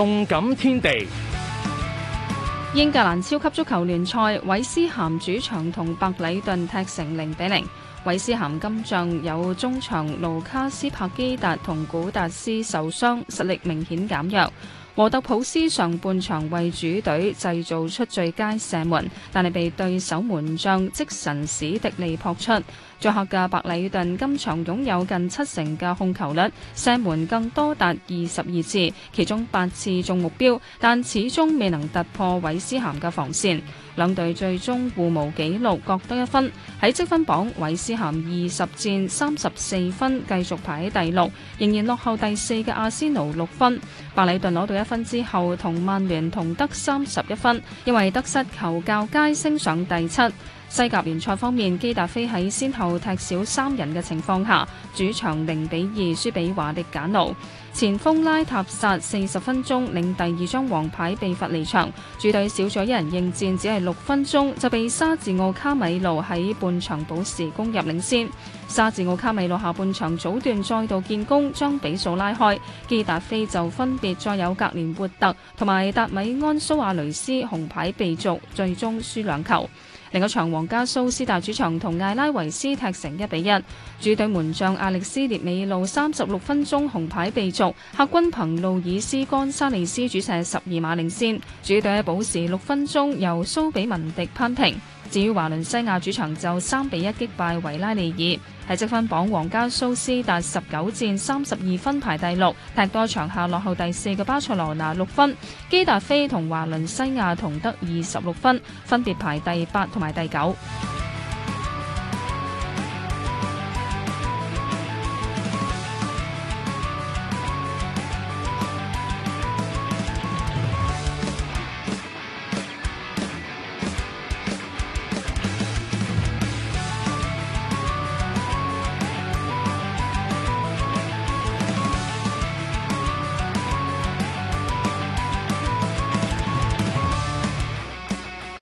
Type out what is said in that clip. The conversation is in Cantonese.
動感天地，英格蘭超級足球聯賽，韋斯咸主場同白禮頓踢成零比零。韋斯咸今仗有中場盧卡斯·帕基達同古達斯受傷，實力明顯減弱。摩特普斯上半場為主隊製造出最佳射門，但係被對手門將即神史迪利撲出。作客嘅白禮頓今場擁有近七成嘅控球率，射門更多達二十二次，其中八次中目標，但始終未能突破韋斯咸嘅防線。兩隊最終互無紀錄，各得一分。喺積分榜，韋斯咸二十戰三十四分，繼續排喺第六，仍然落後第四嘅阿仙奴六分。白禮頓攞到一分之後，同曼聯同得三十一分，因為得失球較佳，升上第七。西甲聯賽方面，基達菲喺先後踢少三人嘅情況下，主場零比二輸俾華力簡奴。前鋒拉塔薩四十分鐘領第二張黃牌被罰離場，主隊少咗一人應戰，只係六分鐘就被沙治奧卡米魯喺半場補時攻入領先。沙治奧卡米魯下半場早段再度建功，將比數拉開。基達菲就分別再有格連活特同埋達米安蘇亞雷斯紅牌被逐，最終輸兩球。另一場皇家蘇斯達主場同艾拉維斯踢成一比一，主隊門將阿力斯列美路三十六分鐘紅牌被逐，客軍憑路爾斯干沙利斯主射十二碼領先，主隊喺補時六分鐘由蘇比文迪扳平。至於華倫西亞主場就三比一擊敗維拉利爾，喺積分榜皇家蘇斯達十九戰三十二分排第六，踢多場下落後第四嘅巴塞羅那六分，基達菲同華倫西亞同得二十六分，分別排第八同埋第九。